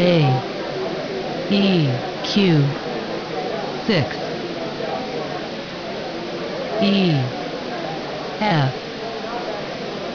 A E Q six E F